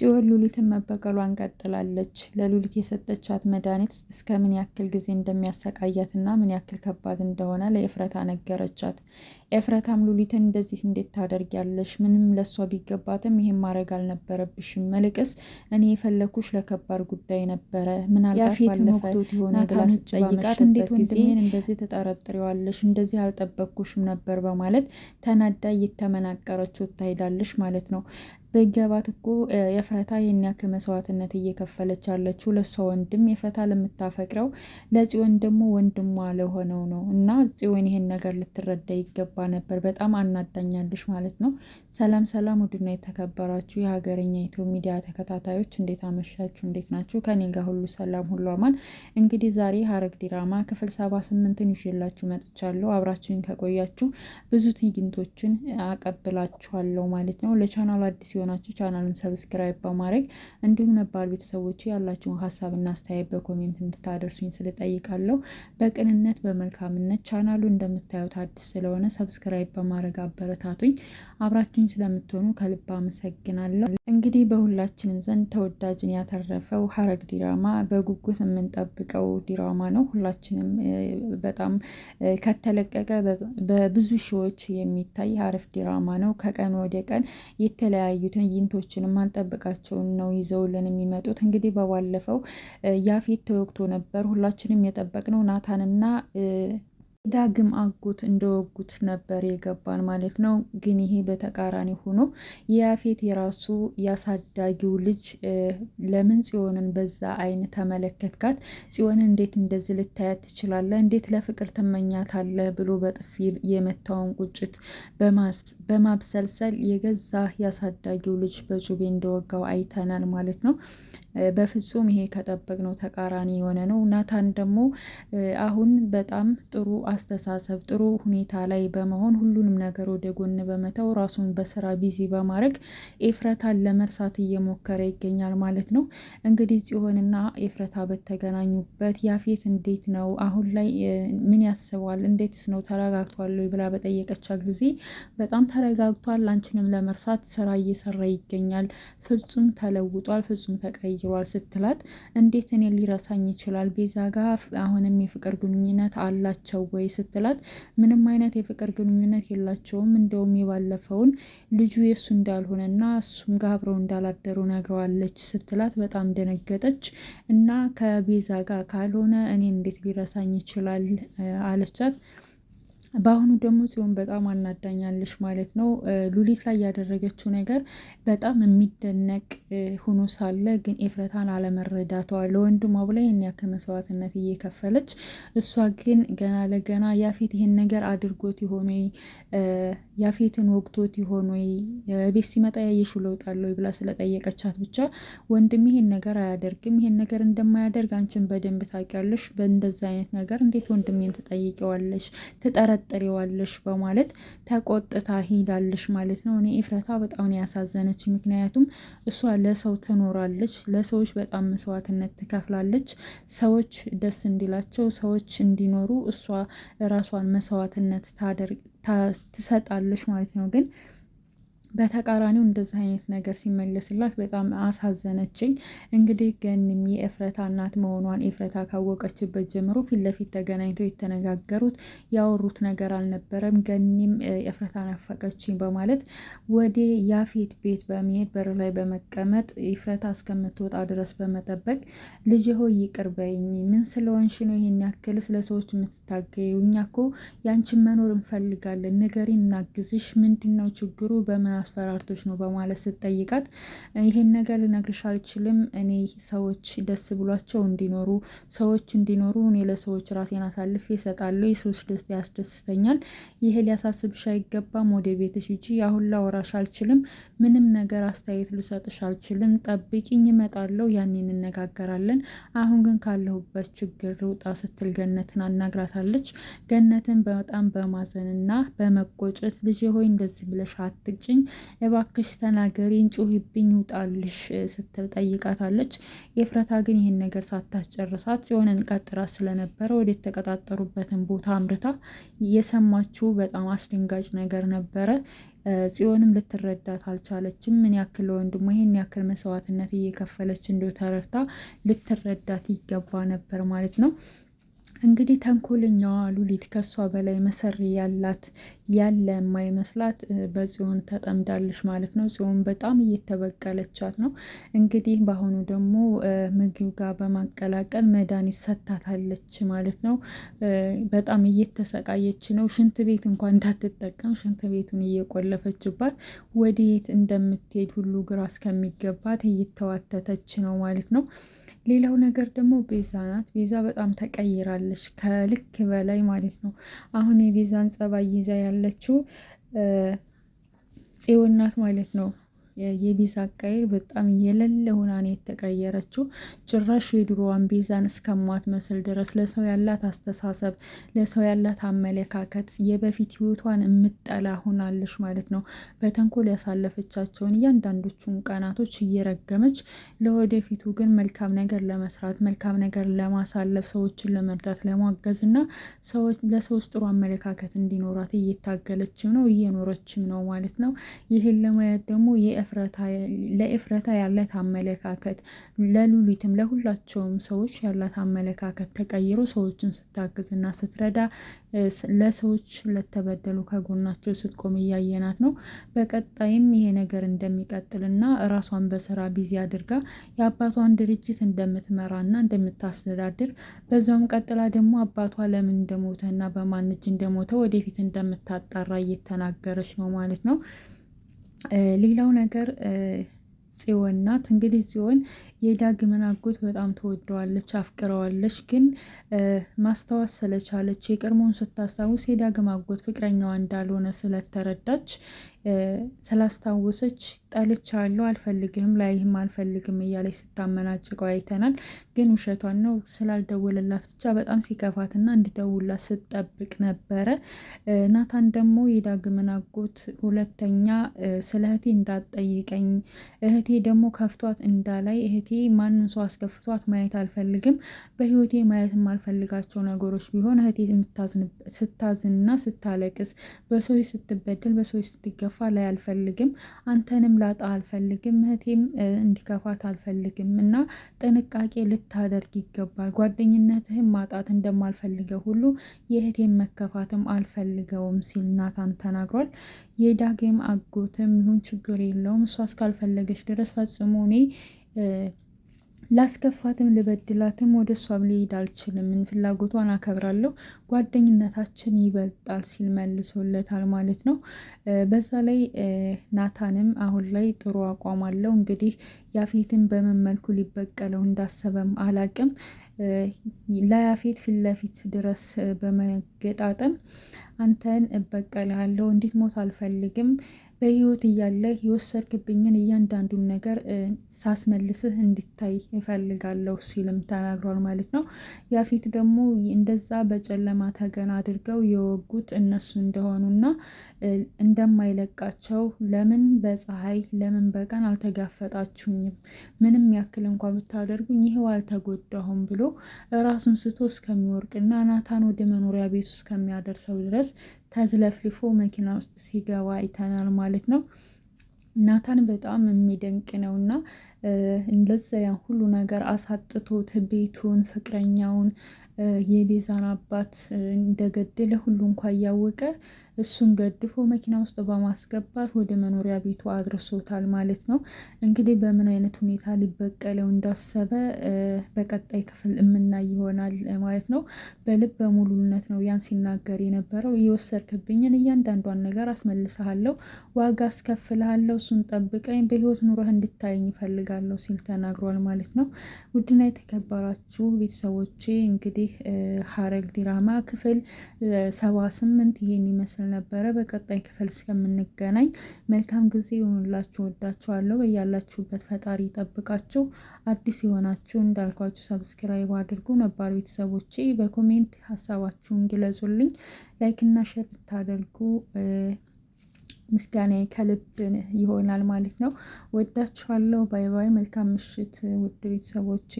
ጽዮን ሉሊትን መበቀሏን ቀጥላለች። ለሉሊት የሰጠቻት መድኃኒት እስከ ምን ያክል ጊዜ እንደሚያሰቃያትና ምን ያክል ከባድ እንደሆነ ለኤፍረታ ነገረቻት። ኤፍረታም ሉሊትን እንደዚህ እንዴት ታደርጊያለሽ? ምንም ለእሷ ቢገባትም ይሄን ማድረግ አልነበረብሽም። መልቅስ እኔ የፈለኩሽ ለከባድ ጉዳይ ነበረ። ምናልባት ባለፈት ናታን ጠይቃት እንዴት ወንድሜን እንደዚህ ተጠረጥሪዋለሽ? እንደዚህ አልጠበቅኩሽም ነበር በማለት ተናዳ እየተመናቀረች ወታሄዳለሽ ማለት ነው። በገባት እኮ የፍረታ ይህን ያክል መስዋዕትነት እየከፈለች ያለችው ለእሷ ወንድም የፍረታ ለምታፈቅረው ለጽዮን ደግሞ ወንድሟ ለሆነው ነው እና ጽዮን ይሄን ነገር ልትረዳ ይገባል። ነበር። በጣም አናዳኛለሽ ማለት ነው። ሰላም ሰላም፣ ውድና የተከበራችሁ የሀገርኛ ኢትዮ ሚዲያ ተከታታዮች እንዴት አመሻችሁ? እንዴት ናችሁ? ከኔ ጋር ሁሉ ሰላም፣ ሁሉ አማን። እንግዲህ ዛሬ ሀረግ ዲራማ ክፍል ሰባ ስምንትን ይዤላችሁ መጥቻለሁ። አብራችሁን ከቆያችሁ ብዙ ትዕይንቶችን አቀብላችኋለሁ ማለት ነው። ለቻናሉ አዲስ የሆናችሁ ቻናሉን ሰብስክራይብ በማድረግ እንዲሁም ነባር ቤተሰቦች ያላችሁን ሀሳብና አስተያየት በኮሜንት እንድታደርሱኝ ስለጠይቃለሁ። በቅንነት በመልካምነት ቻናሉ እንደምታዩት አዲስ ስለሆነ ሰብስክራይብ በማድረግ አበረታቱኝ። አብራችሁኝ ስለምትሆኑ ከልብ አመሰግናለሁ። እንግዲህ በሁላችንም ዘንድ ተወዳጅን ያተረፈው ሐረግ ዲራማ በጉጉት የምንጠብቀው ዲራማ ነው። ሁላችንም በጣም ከተለቀቀ በብዙ ሺዎች የሚታይ አሪፍ ዲራማ ነው። ከቀን ወደ ቀን የተለያዩ ትዕይንቶችን ማንጠብቃቸውን ነው ይዘውልን የሚመጡት። እንግዲህ በባለፈው ያፌት ተወቅቶ ነበር። ሁላችንም የጠበቅነው ናታንና ዳግም አጎት እንደወጉት ነበር የገባን ማለት ነው። ግን ይሄ በተቃራኒ ሆኖ ያፌት የራሱ ያሳዳጊው ልጅ ለምን ጽዮንን በዛ አይን ተመለከትካት? ጽዮንን እንዴት እንደዚህ ልታያት ትችላለህ? እንዴት ለፍቅር ትመኛታለህ? ብሎ በጥፊ የመታውን ቁጭት በማብሰልሰል የገዛ ያሳዳጊው ልጅ በጩቤ እንደወጋው አይተናል ማለት ነው። በፍጹም ይሄ ከጠበቅነው ተቃራኒ የሆነ ነው። ናታን ደግሞ አሁን በጣም ጥሩ አስተሳሰብ፣ ጥሩ ሁኔታ ላይ በመሆን ሁሉንም ነገር ወደ ጎን በመተው ራሱን በስራ ቢዚ በማድረግ ኤፍረታን ለመርሳት እየሞከረ ይገኛል ማለት ነው። እንግዲህ ጽዮንና ኤፍረታ በተገናኙበት ያፌት እንዴት ነው አሁን ላይ ምን ያስባል? እንዴትስ ነው ተረጋግቷል ወይ ብላ በጠየቀቻት ጊዜ በጣም ተረጋግቷል፣ አንቺንም ለመርሳት ስራ እየሰራ ይገኛል፣ ፍጹም ተለውጧል፣ ፍጹም ተቀይሯል ችሏል ስትላት፣ እንዴት እኔ ሊረሳኝ ይችላል? ቤዛ ጋ አሁንም የፍቅር ግንኙነት አላቸው ወይ ስትላት፣ ምንም አይነት የፍቅር ግንኙነት የላቸውም። እንደውም የባለፈውን ልጁ የእሱ እንዳልሆነና እሱም ጋር አብረው እንዳላደሩ ነግረዋለች ስትላት፣ በጣም ደነገጠች እና ከቤዛ ጋር ካልሆነ እኔ እንዴት ሊረሳኝ ይችላል አለቻት። በአሁኑ ደግሞ ጽዮን በጣም አናዳኛለሽ ማለት ነው። ሉሊት ላይ ያደረገችው ነገር በጣም የሚደነቅ ሆኖ ሳለ ግን ኤፍረታን አለመረዳቷ ለወንድሟ ብላ ይህን ያክል መስዋዕትነት እየከፈለች እሷ ግን ገና ለገና ያፌት ይህን ነገር አድርጎት ይሆን ወይ ያፌትን ወቅቶት ይሆን ወይ ቤት ሲመጣ ያየሽው ለውጥ አለ ወይ ብላ ስለጠየቀቻት ብቻ ወንድም ይህን ነገር አያደርግም፣ ይህን ነገር እንደማያደርግ አንቺን በደንብ ታውቂያለሽ። በእንደዚ አይነት ነገር እንዴት ወንድሜን ትጠይቂዋለሽ? ትጠረ ትጠረጥሪዋለሽ በማለት ተቆጥታ ሂዳለሽ ማለት ነው። እኔ ኤፍራታ በጣም ያሳዘነች፣ ምክንያቱም እሷ ለሰው ትኖራለች፣ ለሰዎች በጣም መስዋዕትነት ትከፍላለች። ሰዎች ደስ እንዲላቸው፣ ሰዎች እንዲኖሩ እሷ ራሷን መስዋዕትነት ትሰጣለች ማለት ነው ግን በተቃራኒው እንደዚህ አይነት ነገር ሲመለስላት በጣም አሳዘነችኝ። እንግዲህ ገኒም የኤፍረታ እናት መሆኗን ኤፍረታ ካወቀችበት ጀምሮ ፊት ለፊት ተገናኝተው የተነጋገሩት ያወሩት ነገር አልነበረም። ገኒም ኤፍረታ ናፈቀችኝ በማለት ወደ ያፌት ቤት በመሄድ በር ላይ በመቀመጥ ኤፍረታ እስከምትወጣ ድረስ በመጠበቅ ልጅ ሆይ ይቅር በይኝ፣ ምን ስለሆንሽ ነው ይሄን ያክል ስለ ሰዎች የምትታገዩ? እኛ እኮ ያንቺን መኖር እንፈልጋለን፣ ንገሪን፣ እናግዝሽ፣ ምንድን ነው ችግሩ በምን አስፈራርቶች ነው በማለት ስትጠይቃት ይሄን ነገር ልነግርሽ አልችልም። እኔ ሰዎች ደስ ብሏቸው እንዲኖሩ ሰዎች እንዲኖሩ እኔ ለሰዎች ራሴን አሳልፍ እሰጣለሁ። የሰዎች ደስ ያስደስተኛል። ይሄ ሊያሳስብሽ አይገባም። ወደ ቤትሽ ሂጂ። አሁን ላወራሽ አልችልም። ምንም ነገር አስተያየት ልሰጥሽ አልችልም። ጠብቂኝ፣ እመጣለሁ። ያኔ እንነጋገራለን። አሁን ግን ካለሁበት ችግር ልውጣ ስትል ገነትን አናግራታለች። ገነትን በጣም በማዘንና በመቆጨት ልጅ ሆይ እንደዚህ ብለሽ አትጭኝ እባክሽ ተናገሪን፣ ጩሂብኝ፣ ውጣልሽ ስትል ጠይቃታለች። የፍረታ ግን ይህን ነገር ሳታስጨርሳት ጽዮንን ቀጥራት ስለነበረ ወደ የተቀጣጠሩበትን ቦታ አምርታ የሰማችው በጣም አስደንጋጭ ነገር ነበረ። ጽዮንም ልትረዳት አልቻለችም። ምን ያክል ለወንድሟ ይህን ያክል መስዋዕትነት እየከፈለች እንደ ተረድታ ልትረዳት ይገባ ነበር ማለት ነው። እንግዲህ ተንኮለኛዋ ሉሊት ከሷ በላይ መሰሪ ያላት ያለ የማይመስላት በጽዮን ተጠምዳለች ማለት ነው። ጽዮን በጣም እየተበቀለቻት ነው። እንግዲህ በአሁኑ ደግሞ ምግብ ጋር በማቀላቀል መድኃኒት ሰታታለች ማለት ነው። በጣም እየተሰቃየች ነው። ሽንት ቤት እንኳን እንዳትጠቀም ሽንት ቤቱን እየቆለፈችባት ወዴት እንደምትሄድ ሁሉ ግራ እስከሚገባት እየተዋተተች ነው ማለት ነው። ሌላው ነገር ደግሞ ቤዛ ናት። ቤዛ በጣም ተቀይራለች ከልክ በላይ ማለት ነው። አሁን የቤዛን ጸባይ ይዛ ያለችው ጽዮን ናት ማለት ነው። የቤዛ አካሄድ በጣም የሌለ ሆና ነው የተቀየረችው። ጭራሽ የድሮዋን ቤዛን መስል ድረስ ለሰው ያላት አስተሳሰብ፣ ለሰው ያላት አመለካከት የበፊት ህይወቷን የምጠላ ሆናለች ማለት ነው። በተንኮል ያሳለፈቻቸውን እያንዳንዶቹን ቀናቶች እየረገመች ለወደፊቱ ግን መልካም ነገር ለመስራት መልካም ነገር ለማሳለፍ ሰዎችን ለመርዳት ለማገዝ እና ለሰዎች ጥሩ አመለካከት እንዲኖራት እየታገለችም ነው እየኖረችም ነው ማለት ነው። ይህን ለማየት ደግሞ የ ለኤፍረታ ያላት አመለካከት ለሉሊትም ለሁላቸውም ሰዎች ያላት አመለካከት ተቀይሮ ሰዎችን ስታግዝና ስትረዳ ለሰዎች ለተበደሉ ከጎናቸው ስትቆም እያየናት ነው። በቀጣይም ይሄ ነገር እንደሚቀጥል ና ራሷን በስራ ቢዚ አድርጋ የአባቷን ድርጅት እንደምትመራ ና እንደምታስተዳድር በዛውም ቀጥላ ደግሞ አባቷ ለምን እንደሞተና በማን እጅ እንደሞተ ወደፊት እንደምታጣራ እየተናገረች ነው ማለት ነው። ሌላው ነገር ጽዮን ናት። እንግዲህ ጽዮን የዳግምን አጎት በጣም ተወደዋለች፣ አፍቅረዋለች። ግን ማስታወስ ስለቻለች የቀድሞውን ስታስታውስ የዳግም አጎት ፍቅረኛዋ እንዳልሆነ ስለተረዳች ስላስታወሰች ጠልቻለሁ አልፈልግህም ላይህም አልፈልግም እያለች ስታመናጭቀው አይተናል። ግን ውሸቷን ነው ስላልደወለላት ብቻ በጣም ሲከፋትና እንዲደውላት ስትጠብቅ ነበረ። ናታን ደግሞ የዳግምን አጎት ሁለተኛ ስለ እህቴ እንዳትጠይቀኝ እህቴ ደግሞ ከፍቷት እንዳላይ እህቴ ማንም ሰው አስከፍቷት ማየት አልፈልግም በህይወቴ ማየት የማልፈልጋቸው ነገሮች ቢሆን እህቴ ስታዝንና ስታለቅስ በሰዎች ስትበደል በሰዎች ስትገፋ እንድትከፋ ላይ አልፈልግም፣ አንተንም ላጣ አልፈልግም፣ እህቴም እንዲከፋት አልፈልግም እና ጥንቃቄ ልታደርግ ይገባል። ጓደኝነትህን ማጣት እንደማልፈልገው ሁሉ የእህቴን መከፋትም አልፈልገውም ሲል ናታን ተናግሯል። የዳግም አጎትም ይሁን ችግር የለውም እሷ እስካልፈለገች ድረስ ፈጽሞ እኔ ላስከፋትም ልበድላትም ወደ እሷም ሊሄድ አልችልም። ምን ፍላጎቷን አከብራለሁ፣ ጓደኝነታችን ይበልጣል ሲል መልሶለታል ማለት ነው። በዛ ላይ ናታንም አሁን ላይ ጥሩ አቋም አለው። እንግዲህ ያፌትን በምን መልኩ ሊበቀለው እንዳሰበም አላቅም። ለያፌት ፊት ለፊት ድረስ በመገጣጠም አንተን እበቀልሃለሁ፣ እንዲት ሞት አልፈልግም በህይወት እያለህ የወሰድክብኝን እያንዳንዱን ነገር ሳስመልስህ እንድታይ ይፈልጋለሁ ሲልም ተናግሯል ማለት ነው። ያፌት ደግሞ እንደዛ በጨለማ ተገን አድርገው የወጉት እነሱ እንደሆኑና እንደማይለቃቸው ለምን በፀሐይ ለምን በቀን አልተጋፈጣችሁኝም? ምንም ያክል እንኳ ብታደርጉኝ ይህው አልተጎዳሁም ብሎ ራሱን ስቶ እስከሚወርቅና ናታን ወደ መኖሪያ ቤቱ እስከሚያደርሰው ድረስ ተዝለፍልፎ መኪና ውስጥ ሲገባ አይተናል ማለት ነው። ናታን በጣም የሚደንቅ ነው እና እንደዛ ያን ሁሉ ነገር አሳጥቶት ቤቱን፣ ፍቅረኛውን፣ የቤዛን አባት እንደገደለ ሁሉ እንኳ እያወቀ እሱን ገድፎ መኪና ውስጥ በማስገባት ወደ መኖሪያ ቤቱ አድርሶታል ማለት ነው። እንግዲህ በምን አይነት ሁኔታ ሊበቀለው እንዳሰበ በቀጣይ ክፍል የምናይ ይሆናል ማለት ነው። በልብ በሙሉነት ነው ያን ሲናገር የነበረው የወሰድክብኝን እያንዳንዷን ነገር አስመልስሃለሁ ዋጋ አስከፍልሃለሁ፣ እሱን ጠብቀኝ፣ በህይወት ኑሮህ እንድታየኝ ይፈልጋለሁ ሲል ተናግሯል ማለት ነው። ውድና የተከበራችሁ ቤተሰቦቼ እንግዲህ ሐረግ ዲራማ ክፍል ሰባ ስምንት ይህን ይመስል ነበረ። በቀጣይ ክፍል እስከምንገናኝ መልካም ጊዜ ይሆኑላችሁ። ወዳችኋለሁ። በያላችሁበት ፈጣሪ ይጠብቃችሁ። አዲስ የሆናችሁ እንዳልኳችሁ ሰብስክራይብ አድርጉ። ነባር ቤተሰቦቼ በኮሜንት ሀሳባችሁን ግለጹልኝ። ላይክ እና ሸር ብታደርጉ ምስጋና ከልብ ይሆናል ማለት ነው። ወዳችኋለሁ። ባይ ባይ። መልካም ምሽት ውድ ቤተሰቦቼ።